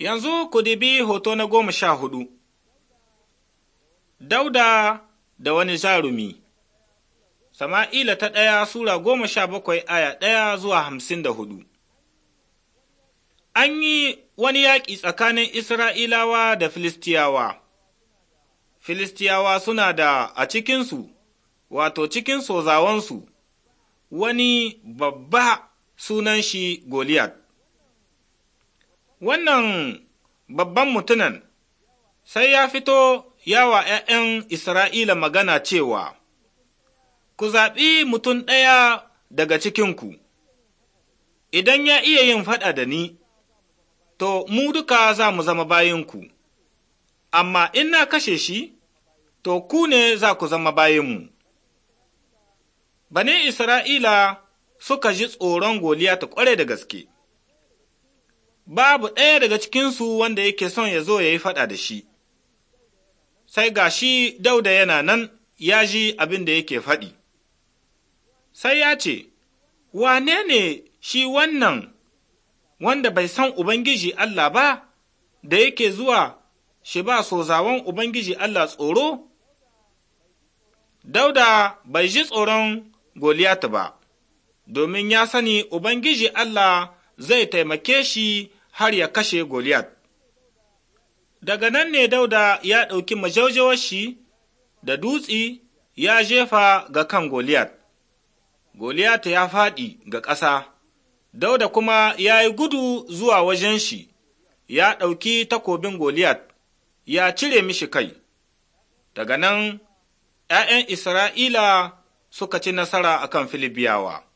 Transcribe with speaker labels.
Speaker 1: Yanzu ku dibi hoto na goma sha hudu, Dauda da wani jarumi. Sama'ila ta ɗaya Sura goma sha bakwai aya ɗaya zuwa hamsin da hudu. An yi wani yaƙi tsakanin Isra'ilawa da Filistiyawa, Filistiyawa suna da a cikinsu, wato cikin sozawansu, wani babba sunan shi Goliath. wannan babban mutunan sai ya fito yawa ’ya'yan Isra'ila magana cewa, Ku zaɓi mutum ɗaya daga cikinku, idan ya iya yin faɗa da ni, to, mu duka za mu zama bayinku, amma in na kashe shi, to, ku ne za ku zama bayinmu. Bane Isra'ila suka ji tsoron Goliya ta ƙware da gaske. babu ɗaya daga cikinsu wanda yake son ya zo ya yi faɗa da shi, sai ga shi dauda yana nan ya ji abin da yake faɗi. Sai ya ce, Wane ne shi wannan wanda bai san Ubangiji Allah ba, da yake zuwa shi ba sozawan Ubangiji Allah tsoro? Dauda bai ji tsoron Goliyat ba, domin ya sani Ubangiji Allah zai taimake shi har ya kashe Goliat. Daga nan ne Dauda ya ɗauki majaujawar shi da dutsi ya jefa ga kan Goliat. Goliat ya faɗi ga ƙasa, Dauda kuma ya yi gudu zuwa wajen shi, ya ɗauki takobin Goliat, ya cire mishi kai. Daga nan, ’ya'yan Isra'ila suka ci nasara a kan Filibiyawa.